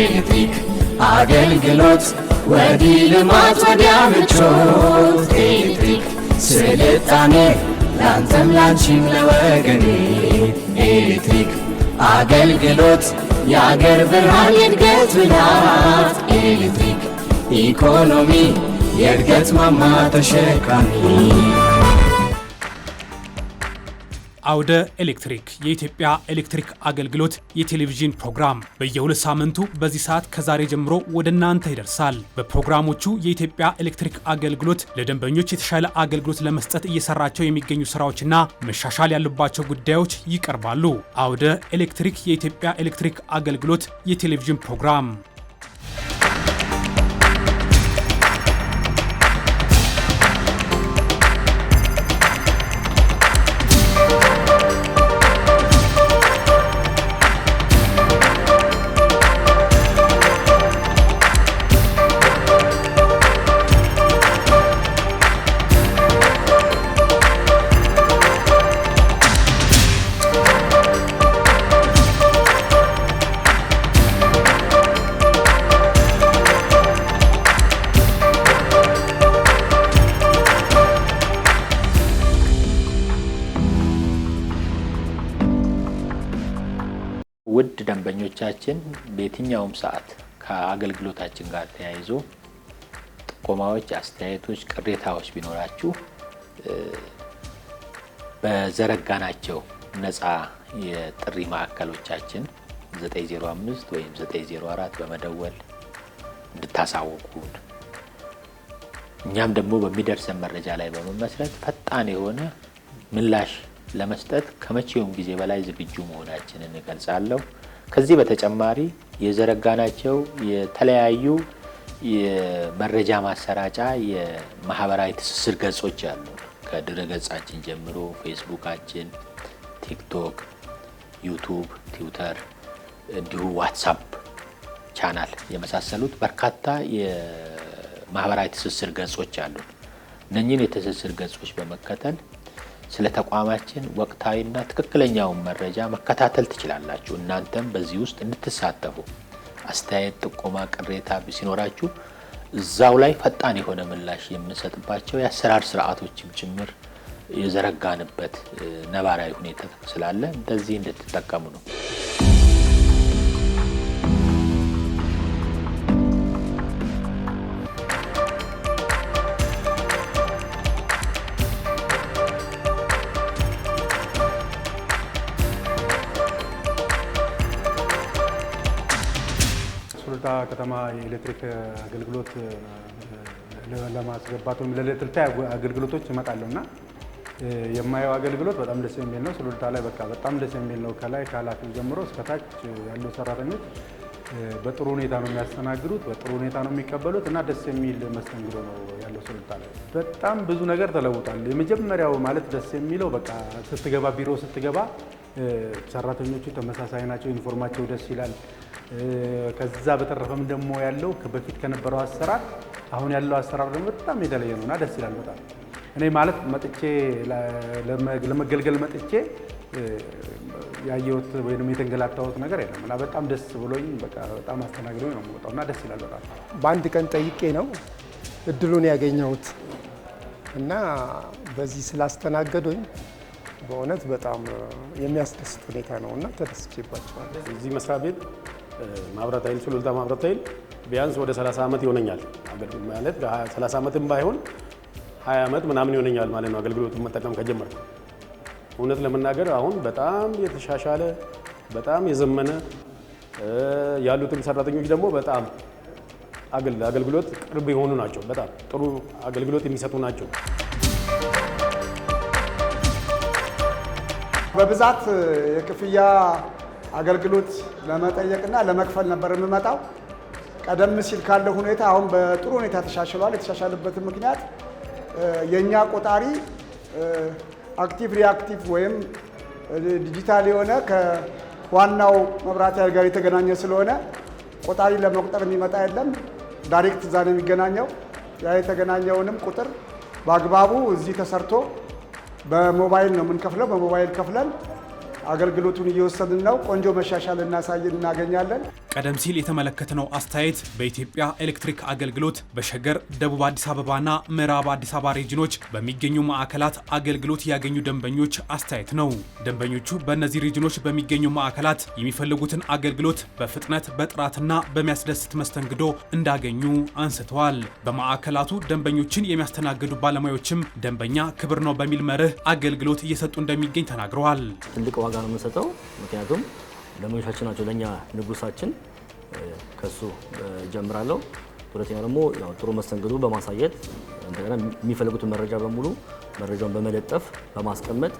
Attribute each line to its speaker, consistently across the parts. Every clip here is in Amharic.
Speaker 1: ኤሌክትሪክ አገልግሎት ወዲህ ልማት ወዲያ ምቾት ኤሌክትሪክ ስልጣኔ ላንተም ላንቺም ለወገኔ ኤሌክትሪክ አገልግሎት የአገር ብርሃን የእድገት ብላት ኤሌክትሪክ ኢኮኖሚ የእድገት ማማ ተሸካሚ አውደ ኤሌክትሪክ የኢትዮጵያ ኤሌክትሪክ አገልግሎት የቴሌቪዥን ፕሮግራም በየሁለት ሳምንቱ በዚህ ሰዓት ከዛሬ ጀምሮ ወደ እናንተ ይደርሳል። በፕሮግራሞቹ የኢትዮጵያ ኤሌክትሪክ አገልግሎት ለደንበኞች የተሻለ አገልግሎት ለመስጠት እየሰራቸው የሚገኙ ስራዎችና መሻሻል ያሉባቸው ጉዳዮች ይቀርባሉ። አውደ ኤሌክትሪክ የኢትዮጵያ ኤሌክትሪክ አገልግሎት የቴሌቪዥን ፕሮግራም ውድ ደንበኞቻችን በየትኛውም ሰዓት ከአገልግሎታችን ጋር ተያይዞ ጥቆማዎች፣ አስተያየቶች፣ ቅሬታዎች ቢኖራችሁ በዘረጋናቸው ነፃ የጥሪ ማዕከሎቻችን 905 ወይም 904 በመደወል እንድታሳውቁን እኛም ደግሞ በሚደርሰን መረጃ ላይ በመመስረት ፈጣን የሆነ ምላሽ ለመስጠት ከመቼውም ጊዜ በላይ ዝግጁ መሆናችንን እገልጻለሁ። ከዚህ በተጨማሪ የዘረጋናቸው የተለያዩ የመረጃ ማሰራጫ የማህበራዊ ትስስር ገጾች አሉ። ከድረ ገጻችን ጀምሮ ፌስቡካችን፣ ቲክቶክ፣ ዩቱብ፣ ትዊተር እንዲሁ ዋትሳፕ ቻናል የመሳሰሉት በርካታ የማህበራዊ ትስስር ገጾች አሉ። እነኚህን የትስስር ገጾች በመከተል ስለ ተቋማችን ወቅታዊና ትክክለኛውን መረጃ መከታተል ትችላላችሁ። እናንተም በዚህ ውስጥ እንድትሳተፉ አስተያየት፣ ጥቆማ፣ ቅሬታ ሲኖራችሁ እዛው ላይ ፈጣን የሆነ ምላሽ የምንሰጥባቸው የአሰራር ስርዓቶችም ጭምር የዘረጋንበት ነባራዊ ሁኔታ ስላለ እንደዚህ እንድትጠቀሙ ነው። ከተማ የኤሌክትሪክ አገልግሎት ለማስገባት ወይም ለኤሌክትሪክ አገልግሎቶች እመጣለሁ እና የማየው አገልግሎት በጣም ደስ የሚል ነው። ሱሉልታ ላይ በቃ በጣም ደስ የሚል ነው። ከላይ ከኃላፊው ጀምሮ እስከታች ያሉ ሰራተኞች በጥሩ ሁኔታ ነው የሚያስተናግዱት፣ በጥሩ ሁኔታ ነው የሚቀበሉት እና ደስ የሚል መስተንግዶ ነው ያለው ሱሉልታ ላይ። በጣም ብዙ ነገር ተለውጧል። የመጀመሪያው ማለት ደስ የሚለው በቃ ስትገባ ቢሮ ስትገባ ሰራተኞቹ ተመሳሳይ ናቸው፣ ዩኒፎርማቸው ደስ ይላል። ከዛ በተረፈም ደግሞ ያለው በፊት ከነበረው አሰራር አሁን ያለው አሰራር ደግሞ በጣም የተለየ ነውና ደስ ይላል በጣም እኔ ማለት መጥቼ ለመገልገል መጥቼ ያየሁት ወይም የተንገላታሁት ነገር የለም እና በጣም ደስ ብሎኝ በጣም አስተናግዶ ነው የምወጣው እና ደስ ይላል በጣም። በአንድ ቀን ጠይቄ ነው እድሉን ያገኘሁት እና በዚህ ስላስተናገዶኝ በእውነት በጣም የሚያስደስት ሁኔታ ነው እና ተደስቼባቸዋል። እዚህ መስሪያ ቤት ማብራት ኃይል ሱሉልታ ማብራት ኃይል ቢያንስ ወደ 30 ዓመት ይሆነኛል ማለት 30 ዓመትም ባይሆን 20 ዓመት ምናምን ይሆነኛል ማለት ነው አገልግሎቱ መጠቀም ከጀመርኩ። እውነት ለመናገር አሁን በጣም የተሻሻለ በጣም የዘመነ ያሉትም ሰራተኞች ደግሞ በጣም አገልግሎት ቅርብ የሆኑ ናቸው። በጣም ጥሩ አገልግሎት የሚሰጡ ናቸው። በብዛት የክፍያ አገልግሎት ለመጠየቅና ለመክፈል ነበር የምመጣው። ቀደም ሲል ካለው ሁኔታ አሁን በጥሩ ሁኔታ ተሻሽሏል። የተሻሻለበትን ምክንያት የእኛ ቆጣሪ አክቲቭ ሪአክቲቭ ወይም ዲጂታል የሆነ ከዋናው መብራት ኃይል ጋር የተገናኘ ስለሆነ ቆጣሪ ለመቁጠር የሚመጣ የለም። ዳይሬክት እዛ ነው የሚገናኘው። ያ የተገናኘውንም ቁጥር በአግባቡ እዚህ ተሰርቶ በሞባይል ነው የምንከፍለው። በሞባይል ከፍለን አገልግሎቱን እየወሰድን ነው። ቆንጆ መሻሻል እናሳየን እናገኛለን። ቀደም ሲል የተመለከትነው አስተያየት በኢትዮጵያ ኤሌክትሪክ አገልግሎት በሸገር ደቡብ አዲስ አበባና ምዕራብ አዲስ አበባ ሬጅኖች በሚገኙ ማዕከላት አገልግሎት ያገኙ ደንበኞች አስተያየት ነው። ደንበኞቹ በእነዚህ ሬጅኖች በሚገኙ ማዕከላት የሚፈልጉትን አገልግሎት በፍጥነት በጥራትና በሚያስደስት መስተንግዶ እንዳገኙ አንስተዋል። በማዕከላቱ ደንበኞችን የሚያስተናግዱ ባለሙያዎችም ደንበኛ ክብር ነው በሚል መርህ አገልግሎት እየሰጡ እንደሚገኝ ተናግረዋል። ዋጋ ነው የምንሰጠው። ምክንያቱም ደንበኞቻችን ናቸው ለእኛ ንጉሳችን፣ ከሱ ጀምራለሁ። ሁለተኛ ደግሞ ጥሩ መስተንግዶ በማሳየት እንደገና የሚፈልጉትን መረጃ በሙሉ መረጃውን በመለጠፍ በማስቀመጥ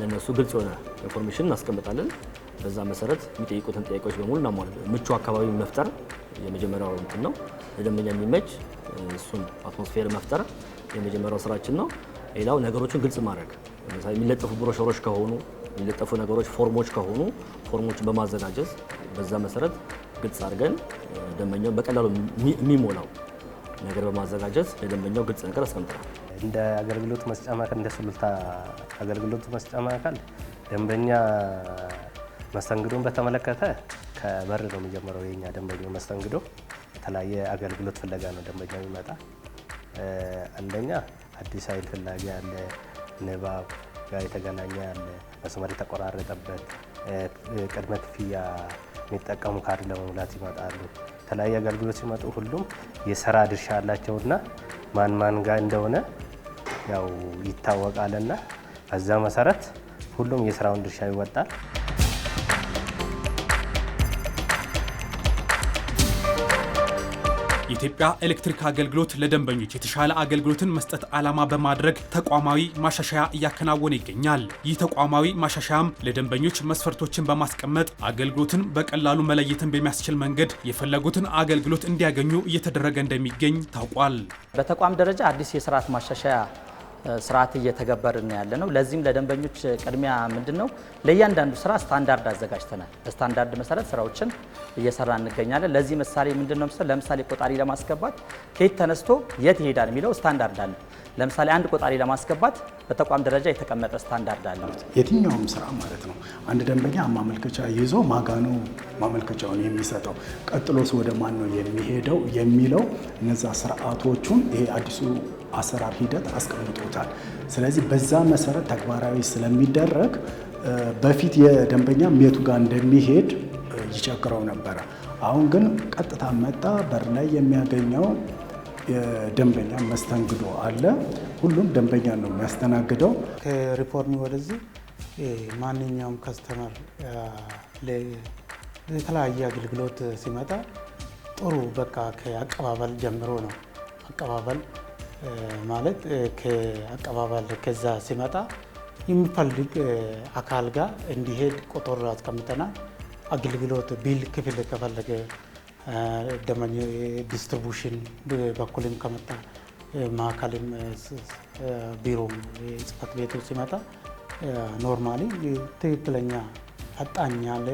Speaker 1: ለእነሱ ግልጽ የሆነ ኢንፎርሜሽን እናስቀምጣለን። በዛ መሰረት የሚጠይቁትን ጥያቄዎች በሙሉ እናሟል። ምቹ አካባቢ መፍጠር የመጀመሪያው እንትን ነው። ለደንበኛ የሚመች እሱን አትሞስፌር መፍጠር የመጀመሪያው ስራችን ነው። ሌላው ነገሮችን ግልጽ ማድረግ የሚለጠፉ ብሮሸሮች ከሆኑ የሚለጠፉ ነገሮች ፎርሞች ከሆኑ ፎርሞችን በማዘጋጀት በዛ መሰረት ግልጽ አድርገን ደንበኛው በቀላሉ የሚሞላው ነገር በማዘጋጀት ለደንበኛው ግልጽ ነገር አስቀምጠናል። እንደ አገልግሎት መስጫ ማዕከል እንደ ሱሉልታ አገልግሎት መስጫ ማዕከል ደንበኛ መስተንግዶን በተመለከተ ከበር ነው የሚጀምረው። የኛ ደንበኛ መስተንግዶ የተለያየ አገልግሎት ፍለጋ ነው ደንበኛ የሚመጣ። አንደኛ አዲስ ኃይል ፍላጊ ያለ ንባብ ጋር የተገናኘ ያለ መስመር የተቆራረጠበት ቅድመ ክፍያ የሚጠቀሙ ካርድ ለመሙላት ይመጣሉ። የተለያዩ አገልግሎት ሲመጡ ሁሉም የስራ ድርሻ አላቸውና ማን ማን ጋር እንደሆነ ያው ይታወቃልና በዛ መሰረት ሁሉም የስራውን ድርሻ ይወጣል። የኢትዮጵያ ኤሌክትሪክ አገልግሎት ለደንበኞች የተሻለ አገልግሎትን መስጠት ዓላማ በማድረግ ተቋማዊ ማሻሻያ እያከናወነ ይገኛል። ይህ ተቋማዊ ማሻሻያም ለደንበኞች መስፈርቶችን በማስቀመጥ አገልግሎትን በቀላሉ መለየትን በሚያስችል መንገድ የፈለጉትን አገልግሎት እንዲያገኙ እየተደረገ እንደሚገኝ ታውቋል። በተቋም ደረጃ አዲስ የስርዓት ማሻሻያ ስርዓት እየተገበርን ያለ ነው። ለዚህም ለደንበኞች ቅድሚያ ምንድን ነው ለእያንዳንዱ ስራ ስታንዳርድ አዘጋጅተናል። በስታንዳርድ መሰረት ስራዎችን እየሰራ እንገኛለን። ለዚህ ምሳሌ ምንድን ነው? ለምሳሌ ቆጣሪ ለማስገባት ከየት ተነስቶ የት ይሄዳል የሚለው ስታንዳርድ አለ። ለምሳሌ አንድ ቆጣሪ ለማስገባት በተቋም ደረጃ የተቀመጠ ስታንዳርድ አለ። የትኛውም ስራ ማለት ነው አንድ ደንበኛ ማመልከቻ ይዞ ማጋ ነው ማመልከቻውን የሚሰጠው፣ ቀጥሎስ ወደ ማን ነው የሚሄደው የሚለው እነዛ ስርዓቶቹን ይሄ አዲሱ አሰራር ሂደት አስቀምጦታል። ስለዚህ በዛ መሰረት ተግባራዊ ስለሚደረግ በፊት የደንበኛ ሜቱ ጋር እንደሚሄድ ይቸግረው ነበረ። አሁን ግን ቀጥታ መጣ በር ላይ የሚያገኘው የደንበኛ መስተንግዶ አለ። ሁሉም ደንበኛ ነው የሚያስተናግደው። ከሪፎርሚ ወደዚህ ማንኛውም ከስተመር የተለያየ አገልግሎት ሲመጣ ጥሩ በቃ ከአቀባበል ጀምሮ ነው አቀባበል ማለት ከአቀባበል ከዛ ሲመጣ የሚፈልግ አካል ጋር እንዲሄድ ቆጠሮ አስቀምጠናል። አገልግሎት ቢል ክፍል ከፈለገ ደመኝ ዲስትሪቡሽን በኩልም ከመጣ ማዕከልም ቢሮ ጽህፈት ቤቱ ሲመጣ ኖርማሊ ትክክለኛ ፈጣን ያለ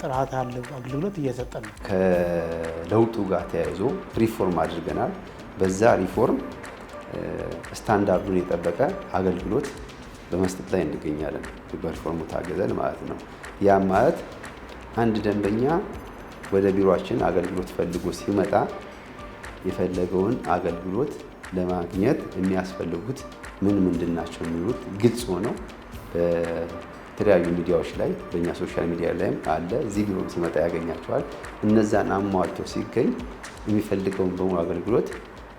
Speaker 1: ጥራት ያለው አገልግሎት እየሰጠ ነው። ከለውጡ ጋር ተያይዞ ሪፎርም አድርገናል። በዛ ሪፎርም ስታንዳርዱን የጠበቀ አገልግሎት በመስጠት ላይ እንገኛለን። በሪፎርሙ ታገዘን ማለት ነው። ያም ማለት አንድ ደንበኛ ወደ ቢሮችን አገልግሎት ፈልጎ ሲመጣ የፈለገውን አገልግሎት ለማግኘት የሚያስፈልጉት ምን ምንድን ናቸው የሚሉት ግልጽ ሆነው በተለያዩ ሚዲያዎች ላይ በእኛ ሶሻል ሚዲያ ላይም አለ። እዚህ ቢሮ ሲመጣ ያገኛቸዋል። እነዛን አሟልቶ ሲገኝ የሚፈልገውን በሙሉ አገልግሎት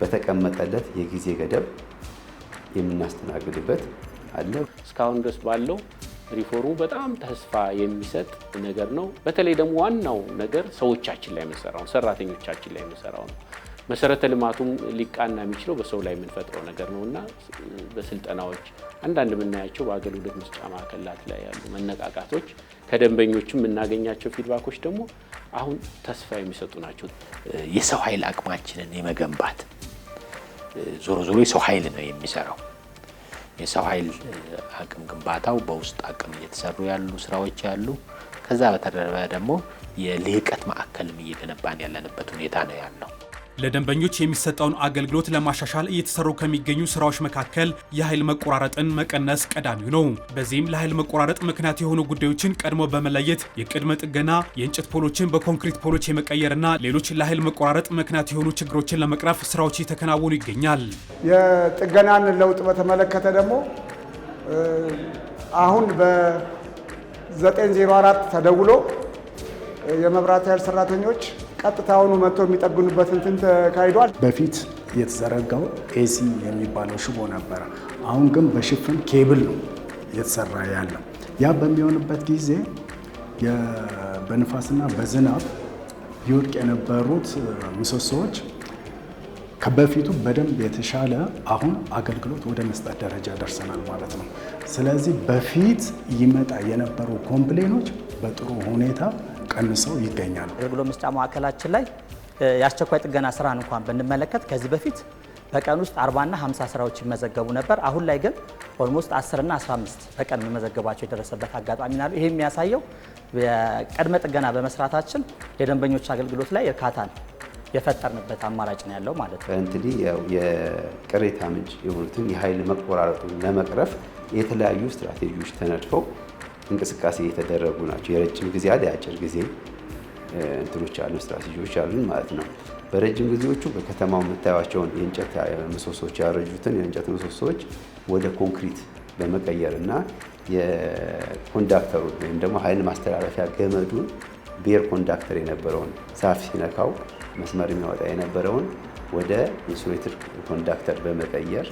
Speaker 1: በተቀመጠለት የጊዜ ገደብ የምናስተናግድበት አለ። እስካሁን ድረስ ባለው ሪፎርሙ በጣም ተስፋ የሚሰጥ ነገር ነው። በተለይ ደግሞ ዋናው ነገር ሰዎቻችን ላይ የምንሰራው ሰራተኞቻችን ላይ የምንሰራው ነው። መሰረተ ልማቱም ሊቃና የሚችለው በሰው ላይ የምንፈጥረው ነገር ነው እና በስልጠናዎች አንዳንድ የምናያቸው በአገልግሎት መስጫ ማዕከላት ላይ ያሉ መነቃቃቶች፣ ከደንበኞችም የምናገኛቸው ፊድባኮች ደግሞ አሁን ተስፋ የሚሰጡ ናቸው። የሰው ኃይል አቅማችንን የመገንባት ዞሮ ዞሮ የሰው ኃይል ነው የሚሰራው። የሰው ኃይል አቅም ግንባታው በውስጥ አቅም እየተሰሩ ያሉ ስራዎች ያሉ፣ ከዛ በተረፈ ደግሞ የልህቀት ማዕከልም እየገነባን ያለንበት ሁኔታ ነው ያለው። ለደንበኞች የሚሰጠውን አገልግሎት ለማሻሻል እየተሰሩ ከሚገኙ ስራዎች መካከል የኃይል መቆራረጥን መቀነስ ቀዳሚው ነው። በዚህም ለኃይል መቆራረጥ ምክንያት የሆኑ ጉዳዮችን ቀድሞ በመለየት የቅድመ ጥገና፣ የእንጨት ፖሎችን በኮንክሪት ፖሎች የመቀየርና ሌሎች ለኃይል መቆራረጥ ምክንያት የሆኑ ችግሮችን ለመቅረፍ ስራዎች እየተከናወኑ ይገኛል። የጥገናን ለውጥ በተመለከተ ደግሞ አሁን በ904 ተደውሎ የመብራት ኃይል ሰራተኞች ቀጥታውኑ መጥቶ የሚጠግኑበት እንትን ተካሂዷል። በፊት የተዘረጋው ኤሲ የሚባለው ሽቦ ነበረ። አሁን ግን በሽፍን ኬብል ነው የተሰራ ያለው። ያ በሚሆንበት ጊዜ በንፋስና በዝናብ ይወድቅ የነበሩት ምሰሶዎች ከበፊቱ በደንብ የተሻለ አሁን አገልግሎት ወደ መስጠት ደረጃ ደርሰናል ማለት ነው። ስለዚህ በፊት ይመጣ የነበሩ ኮምፕሌኖች በጥሩ ሁኔታ ቀንሰው ይገኛሉ። አገልግሎት መስጫ ማዕከላችን ላይ የአስቸኳይ ጥገና ስራን እንኳን ብንመለከት ከዚህ በፊት በቀን ውስጥ 40 እና 50 ስራዎች ይመዘገቡ ነበር። አሁን ላይ ግን ኦልሞስት 10 እና 15 በቀን መመዘገባቸው የደረሰበት አጋጣሚ ናሉ። ይህ የሚያሳየው የቅድመ ጥገና በመስራታችን የደንበኞች አገልግሎት ላይ እርካታን የፈጠርንበት አማራጭ ነው ያለው ማለት ነው። እንግዲህ የቅሬታ ምንጭ የሆኑትን የኃይል መቆራረጡን ለመቅረፍ የተለያዩ ስትራቴጂዎች ተነድፈው እንቅስቃሴ የተደረጉ ናቸው። የረጅም ጊዜ አለ የአጭር ጊዜ እንትኖች አሉ ስትራቴጂዎች አሉን ማለት ነው። በረጅም ጊዜዎቹ በከተማው የምታያቸውን የእንጨት ምሰሶዎች ያረጁትን የእንጨት ምሰሶዎች ወደ ኮንክሪት በመቀየር እና የኮንዳክተሩን ወይም ደግሞ ኃይል ማስተላለፊያ ገመዱን ቤር ኮንዳክተር የነበረውን ዛፍ ሲነካው መስመር የሚያወጣ የነበረውን ወደ ኢንሱሌትር ኮንዳክተር በመቀየር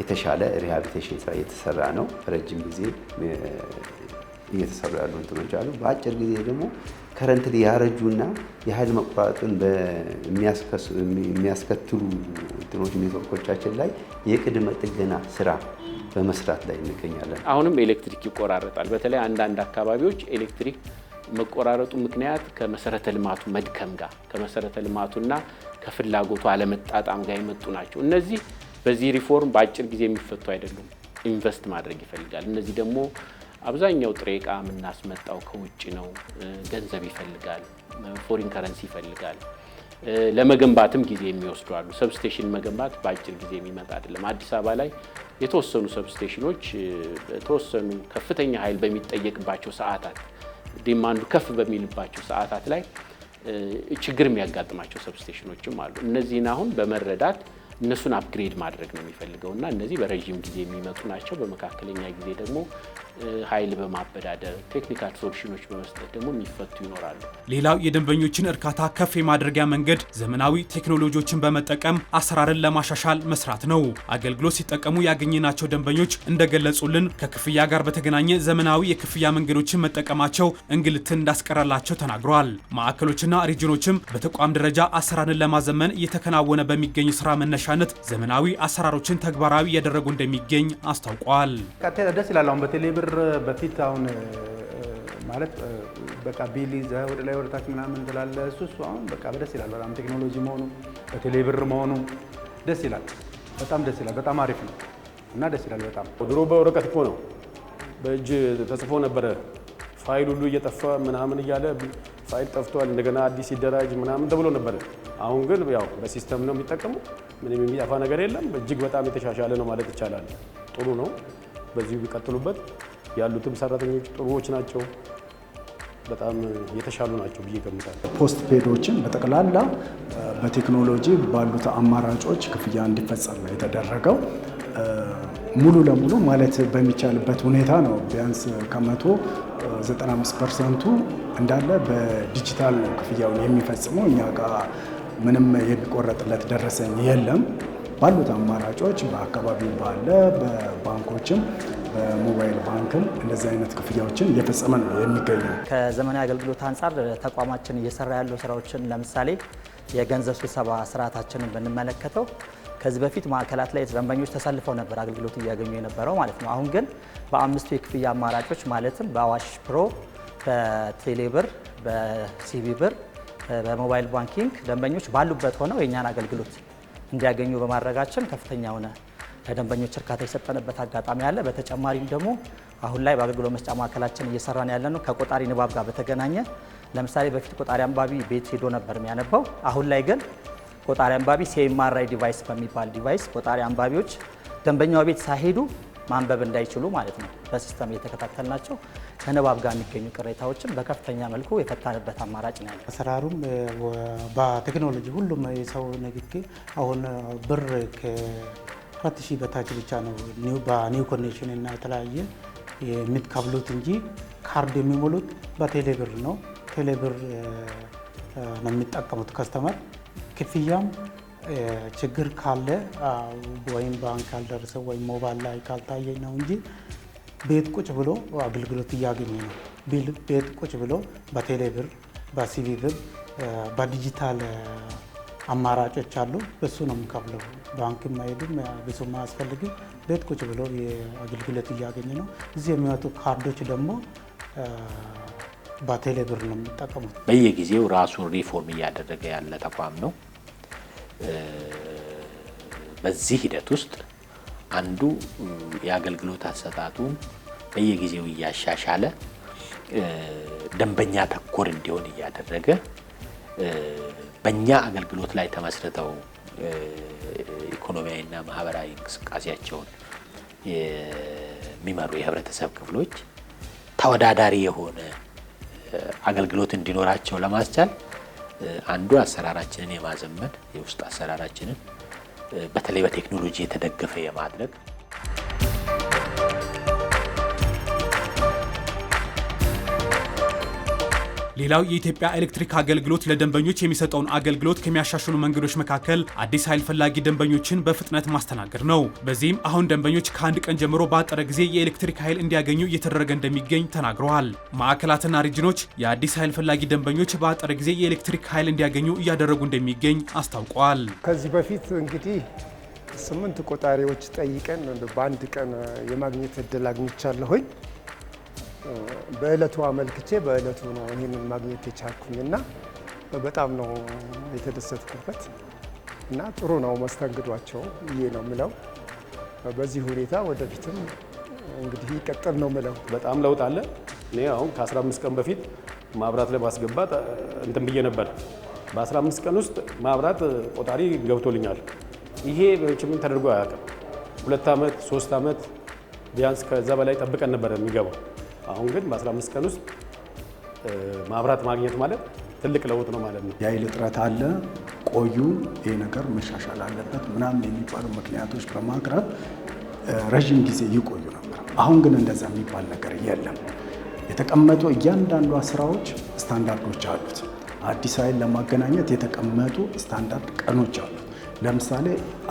Speaker 1: የተሻለ ሪሃቢቴሽን ስራ እየተሰራ ነው። በረጅም ጊዜ እየተሰሩ ያሉ እንትኖች አሉ። በአጭር ጊዜ ደግሞ ያረጁ ያረጁና የኃይል መቆራረጥን የሚያስከትሉ እንትኖች ኔትወርኮቻችን ላይ የቅድመ ጥገና ስራ በመስራት ላይ እንገኛለን። አሁንም ኤሌክትሪክ ይቆራረጣል። በተለይ አንዳንድ አካባቢዎች ኤሌክትሪክ መቆራረጡ ምክንያት ከመሰረተ ልማቱ መድከም ጋር ከመሰረተ ልማቱና ከፍላጎቱ አለመጣጣም ጋር የመጡ ናቸው። እነዚህ በዚህ ሪፎርም በአጭር ጊዜ የሚፈቱ አይደሉም። ኢንቨስት ማድረግ ይፈልጋል። እነዚህ ደግሞ አብዛኛው ጥሬ እቃ የምናስመጣው ከውጭ ነው። ገንዘብ ይፈልጋል፣ ፎሪን ከረንሲ ይፈልጋል። ለመገንባትም ጊዜ የሚወስዱ አሉ። ሰብስቴሽን መገንባት በአጭር ጊዜ የሚመጣ አይደለም። አዲስ አበባ ላይ የተወሰኑ ሰብስቴሽኖች በተወሰኑ ከፍተኛ ኃይል በሚጠየቅባቸው ሰዓታት፣ ዲማንዱ ከፍ በሚልባቸው ሰዓታት ላይ ችግር የሚያጋጥማቸው ሰብስቴሽኖችም አሉ። እነዚህን አሁን በመረዳት እነሱን አፕግሬድ ማድረግ ነው የሚፈልገው እና እነዚህ በረዥም ጊዜ የሚመጡ ናቸው። በመካከለኛ ጊዜ ደግሞ ኃይል በማበዳደር ቴክኒካል ሶሉሽኖች በመስጠት ደግሞ የሚፈቱ ይኖራሉ። ሌላው የደንበኞችን እርካታ ከፍ የማድረጊያ መንገድ ዘመናዊ ቴክኖሎጂዎችን በመጠቀም አሰራርን ለማሻሻል መስራት ነው። አገልግሎት ሲጠቀሙ ያገኘናቸው ደንበኞች እንደገለጹልን ከክፍያ ጋር በተገናኘ ዘመናዊ የክፍያ መንገዶችን መጠቀማቸው እንግልትን እንዳስቀረላቸው ተናግረዋል። ማዕከሎችና ሪጅኖችም በተቋም ደረጃ አሰራርን ለማዘመን እየተከናወነ በሚገኝ ስራ መነሻ መነሻነት ዘመናዊ አሰራሮችን ተግባራዊ እያደረጉ እንደሚገኝ አስታውቋል። ደስ ይላል። አሁን በቴሌብር በፊት አሁን ማለት በቃ ቢል ይዘህ ወደ ላይ ወደታች ምናምን ስላለ እሱ እሱ አሁን በቃ በደስ ይላል። በጣም ቴክኖሎጂ መሆኑ በቴሌብር መሆኑ ደስ ይላል። በጣም ደስ ይላል። በጣም አሪፍ ነው እና ደስ ይላል። በጣም ድሮ በወረቀት እኮ ነው በእጅ ተጽፎ ነበረ። ፋይል ሁሉ እየጠፋ ምናምን እያለ ፋይል ጠፍቷል እንደገና አዲስ ሲደራጅ ምናምን ተብሎ ነበረ። አሁን ግን ያው በሲስተም ነው የሚጠቀሙ ምንም የሚጠፋ ነገር የለም። እጅግ በጣም የተሻሻለ ነው ማለት ይቻላል። ጥሩ ነው። በዚሁ ቢቀጥሉበት ያሉትም ሰራተኞች ጥሩዎች ናቸው። በጣም የተሻሉ ናቸው ብዬ እገምታለሁ። ፖስት ፔዶችን በጠቅላላ በቴክኖሎጂ ባሉት አማራጮች ክፍያ እንዲፈጸም ነው የተደረገው። ሙሉ ለሙሉ ማለት በሚቻልበት ሁኔታ ነው። ቢያንስ ከመቶ 95 ፐርሰንቱ እንዳለ በዲጂታል ነው ክፍያውን የሚፈጽመው እኛ ጋር ምንም የሚቆረጥለት ደረሰኝ የለም። ባሉት አማራጮች በአካባቢው ባለ በባንኮችም በሞባይል ባንክም እንደዚህ አይነት ክፍያዎችን እየፈጸመ ነው የሚገኘው። ከዘመናዊ አገልግሎት አንጻር ተቋማችን እየሰራ ያለው ስራዎችን ለምሳሌ የገንዘብ ስብሰባ ስርዓታችንን ብንመለከተው ከዚህ በፊት ማዕከላት ላይ ደንበኞች ተሰልፈው ነበር አገልግሎት እያገኙ የነበረው ማለት ነው። አሁን ግን በአምስቱ የክፍያ አማራጮች ማለትም በአዋሽ ፕሮ፣ በቴሌ ብር፣ በሲቢ ብር በሞባይል ባንኪንግ ደንበኞች ባሉበት ሆነው የእኛን አገልግሎት እንዲያገኙ በማድረጋችን ከፍተኛ የሆነ ለደንበኞች እርካታ የሰጠንበት አጋጣሚ አለ። በተጨማሪም ደግሞ አሁን ላይ በአገልግሎት መስጫ ማዕከላችን እየሰራን ነው ከቆጣሪ ንባብ ጋር በተገናኘ ለምሳሌ በፊት ቆጣሪ አንባቢ ቤት ሄዶ ነበር የሚያነባው። አሁን ላይ ግን ቆጣሪ አንባቢ ሲኤምአርአይ ዲቫይስ በሚባል ዲቫይስ ቆጣሪ አንባቢዎች ደንበኛው ቤት ሳይሄዱ ማንበብ እንዳይችሉ ማለት ነው። በሲስተም እየተከታተል ናቸው። ከንባብ ጋር የሚገኙ ቅሬታዎችን በከፍተኛ መልኩ የፈታንበት አማራጭ ነው ያለ። አሰራሩም በቴክኖሎጂ ሁሉም የሰው ንግግር አሁን ብር ከሁለት ሺህ በታች ብቻ ነው በኒው ኮኔክሽን እና የተለያየ የምትከፍሉት እንጂ ካርድ የሚሞሉት በቴሌብር ነው። ቴሌብር ነው የሚጠቀሙት ከስተመር ክፍያም ችግር ካለ ወይም ባንክ ካልደረሰ ወይም ሞባይል ላይ ካልታየኝ ነው እንጂ ቤት ቁጭ ብሎ አገልግሎት እያገኘ ነው። ቤት ቁጭ ብሎ በቴሌ ብር፣ በሲቪ ብር፣ በዲጂታል አማራጮች አሉ። በሱ ነው የምከፍለው። ባንክ ማሄድም ብዙ አያስፈልግም። ቤት ቁጭ ብሎ አገልግሎት እያገኘ ነው። እዚህ የሚመጡ ካርዶች ደግሞ በቴሌ ብር ነው የሚጠቀሙት። በየጊዜው ራሱን ሪፎርም እያደረገ ያለ ተቋም ነው። በዚህ ሂደት ውስጥ አንዱ የአገልግሎት አሰጣጡን በየጊዜው እያሻሻለ ደንበኛ ተኮር እንዲሆን እያደረገ በእኛ አገልግሎት ላይ ተመስርተው ኢኮኖሚያዊና ማህበራዊ እንቅስቃሴያቸውን የሚመሩ የህብረተሰብ ክፍሎች ተወዳዳሪ የሆነ አገልግሎት እንዲኖራቸው ለማስቻል አንዱ አሰራራችንን የማዘመን የውስጥ አሰራራችንን በተለይ በቴክኖሎጂ የተደገፈ የማድረግ ሌላው የኢትዮጵያ ኤሌክትሪክ አገልግሎት ለደንበኞች የሚሰጠውን አገልግሎት ከሚያሻሽሉ መንገዶች መካከል አዲስ ኃይል ፈላጊ ደንበኞችን በፍጥነት ማስተናገድ ነው። በዚህም አሁን ደንበኞች ከአንድ ቀን ጀምሮ በአጠረ ጊዜ የኤሌክትሪክ ኃይል እንዲያገኙ እየተደረገ እንደሚገኝ ተናግረዋል። ማዕከላትና ሪጅኖች የአዲስ ኃይል ፈላጊ ደንበኞች በአጠረ ጊዜ የኤሌክትሪክ ኃይል እንዲያገኙ እያደረጉ እንደሚገኝ አስታውቀዋል። ከዚህ በፊት እንግዲህ ስምንት ቆጣሪዎች ጠይቀን በአንድ ቀን የማግኘት እድል አግኝቻለሁኝ። በእለቱ አመልክቼ በእለቱ ነው ይህንን ማግኘት የቻልኩኝ እና በጣም ነው የተደሰትኩበት እና ጥሩ ነው መስተንግዷቸው ብዬ ነው ምለው። በዚህ ሁኔታ ወደፊትም እንግዲህ ይቀጥል ነው ምለው። በጣም ለውጥ አለ። እኔ አሁን ከ15 ቀን በፊት ማብራት ላይ እንትን ብዬ ነበር። በ15 ቀን ውስጥ ማብራት ቆጣሪ ገብቶልኛል። ይሄ በችምን ተደርጎ አያውቅም። ሁለት ዓመት ሶስት ዓመት ቢያንስ ከዛ በላይ ጠብቀን ነበር የሚገባው አሁን ግን በ15 ቀን ውስጥ ማብራት ማግኘት ማለት ትልቅ ለውጥ ነው ማለት ነው። የኃይል እጥረት አለ፣ ቆዩ፣ ይህ ነገር መሻሻል አለበት ምናምን የሚባሉ ምክንያቶች በማቅረብ ረዥም ጊዜ ይቆዩ ነበር። አሁን ግን እንደዛ የሚባል ነገር የለም። የተቀመጡ እያንዳንዷ ስራዎች ስታንዳርዶች አሉት። አዲስ ኃይል ለማገናኘት የተቀመጡ ስታንዳርድ ቀኖች አሉት። ለምሳሌ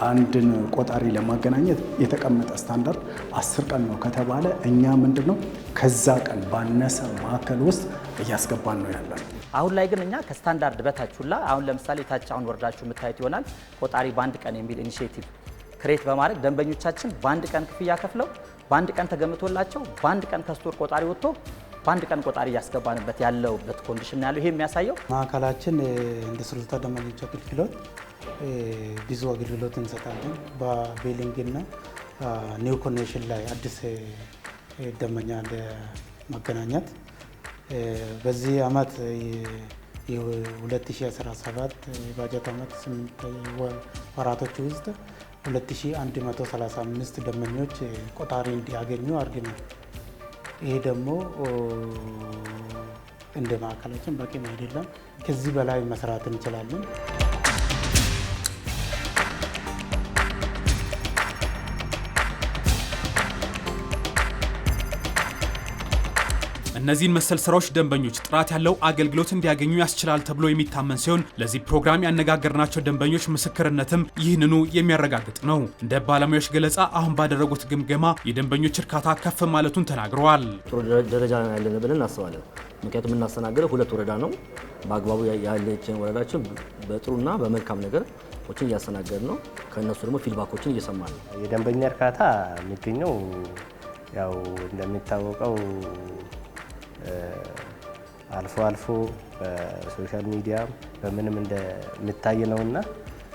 Speaker 1: አንድን ቆጣሪ ለማገናኘት የተቀመጠ ስታንዳርድ አስር ቀን ነው ከተባለ እኛ ምንድን ነው ከዛ ቀን ባነሰ ማዕከል ውስጥ እያስገባን ነው ያለ። አሁን ላይ ግን እኛ ከስታንዳርድ በታች ሁላ አሁን ለምሳሌ ታች አሁን ወርዳችሁ የምታዩት ይሆናል ቆጣሪ በአንድ ቀን የሚል ኢኒሽቲቭ ክሬት በማድረግ ደንበኞቻችን በአንድ ቀን ክፍያ ከፍለው በአንድ ቀን ተገምቶላቸው በአንድ ቀን ከስቶር ቆጣሪ ወጥቶ በአንድ ቀን ቆጣሪ እያስገባንበት ያለውበት ኮንዲሽን ያለው ይሄ የሚያሳየው ማዕከላችን እንደ ስሩልታ ደማኞቻ ክልክሎት ብዙ አገልግሎት እንሰጣለን። በቤሊንግና ኒው ኮኔክሽን ላይ አዲስ ደመኛ ለመገናኘት በዚህ አመት የ2017 የባጀት ዓመት ስምንት ወራቶች ውስጥ 2135 ደመኞች ቆጣሪ እንዲያገኙ አድርገናል። ይሄ ደግሞ እንደ ማዕከላችን በቂም አይደለም። ከዚህ በላይ መስራት እንችላለን። እነዚህን መሰል ስራዎች ደንበኞች ጥራት ያለው አገልግሎት እንዲያገኙ ያስችላል ተብሎ የሚታመን ሲሆን ለዚህ ፕሮግራም ያነጋገርናቸው ደንበኞች ምስክርነትም ይህንኑ የሚያረጋግጥ ነው። እንደ ባለሙያዎች ገለጻ አሁን ባደረጉት ግምገማ የደንበኞች እርካታ ከፍ ማለቱን ተናግረዋል። ጥሩ ደረጃ ነው ያለን ብለን እናስባለን። ምክንያቱም የምናስተናግደው ሁለት ወረዳ ነው። በአግባቡ ያለችን ወረዳችን በጥሩና በመልካም ነገር ችን እያስተናገድ ነው። ከእነሱ ደግሞ ፊድባኮችን እየሰማ ነው። የደንበኛ እርካታ የሚገኘው ያው እንደሚታወቀው አልፎ አልፎ በሶሻል ሚዲያ በምንም እንደሚታይ ነውና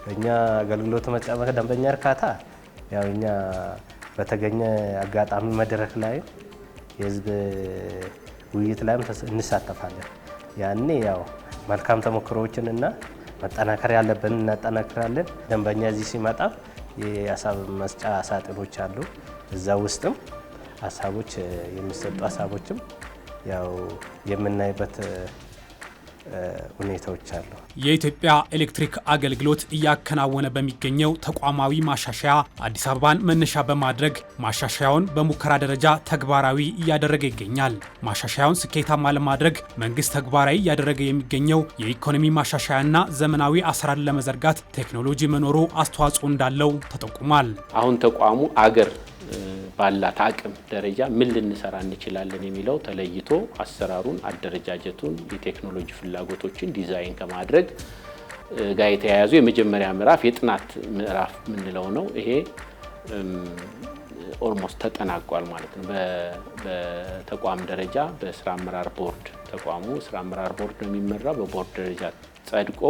Speaker 1: በእኛ አገልግሎት መስጫ ደንበኛ እርካታ ያው እኛ በተገኘ አጋጣሚ መድረክ ላይ የህዝብ ውይይት ላይም እንሳተፋለን። ያኔ ያው መልካም ተሞክሮዎችን እና መጠናከር ያለብን እናጠናክራለን። ደንበኛ እዚህ ሲመጣ የሀሳብ መስጫ ሳጥኖች አሉ። እዛ ውስጥም ሀሳቦች የሚሰጡ ሀሳቦችም ያው የምናይበት ሁኔታዎች አሉ። የኢትዮጵያ ኤሌክትሪክ አገልግሎት እያከናወነ በሚገኘው ተቋማዊ ማሻሻያ አዲስ አበባን መነሻ በማድረግ ማሻሻያውን በሙከራ ደረጃ ተግባራዊ እያደረገ ይገኛል። ማሻሻያውን ስኬታማ ለማድረግ መንግስት ተግባራዊ እያደረገ የሚገኘው የኢኮኖሚ ማሻሻያና ዘመናዊ አሰራር ለመዘርጋት ቴክኖሎጂ መኖሩ አስተዋጽኦ እንዳለው ተጠቁሟል። አሁን ተቋሙ አገር ባላት አቅም ደረጃ ምን ልንሰራ እንችላለን የሚለው ተለይቶ አሰራሩን፣ አደረጃጀቱን፣ የቴክኖሎጂ ፍላጎቶችን ዲዛይን ከማድረግ ጋር የተያያዙ የመጀመሪያ ምዕራፍ የጥናት ምዕራፍ የምንለው ነው። ይሄ ኦልሞስት ተጠናቋል ማለት ነው። በተቋም ደረጃ በስራ አመራር ቦርድ ተቋሙ ስራ አመራር ቦርድ ነው የሚመራው። በቦርድ ደረጃ ጸድቆ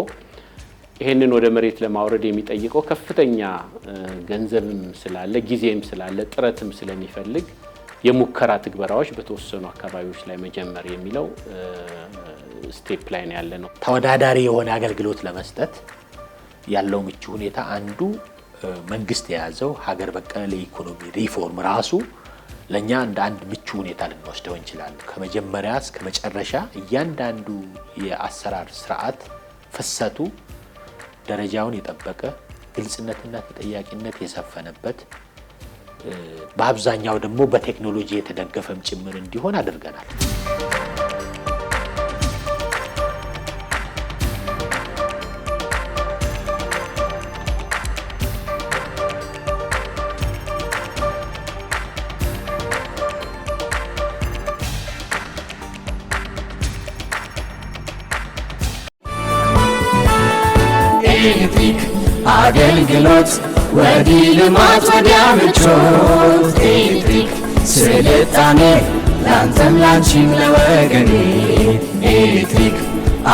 Speaker 1: ይሄንን ወደ መሬት ለማውረድ የሚጠይቀው ከፍተኛ ገንዘብም ስላለ ጊዜም ስላለ ጥረትም ስለሚፈልግ የሙከራ ትግበራዎች በተወሰኑ አካባቢዎች ላይ መጀመር የሚለው ስቴፕ ላይ ያለ ነው። ተወዳዳሪ የሆነ አገልግሎት ለመስጠት ያለው ምቹ ሁኔታ አንዱ መንግስት የያዘው ሀገር በቀል የኢኮኖሚ ሪፎርም ራሱ ለእኛ እንደ አንድ ምቹ ሁኔታ ልንወስደው እንችላለን። ከመጀመሪያ እስከ መጨረሻ እያንዳንዱ የአሰራር ስርዓት ፍሰቱ ደረጃውን የጠበቀ ግልጽነትና ተጠያቂነት የሰፈነበት በአብዛኛው ደግሞ በቴክኖሎጂ የተደገፈም ጭምር እንዲሆን አድርገናል። አገልግሎት ወዲ ልማት ወዲያ ምቾት ኤሌክትሪክ ስልጣኔ ላንተም ላንቺም ለወገኔ ኤሌክትሪክ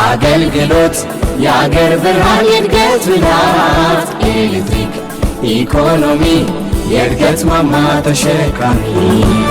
Speaker 1: አገልግሎት የአገር ብርሃን የእድገት ብላት ኤሌክትሪክ ኢኮኖሚ የእድገት ማማ ተሸካሚ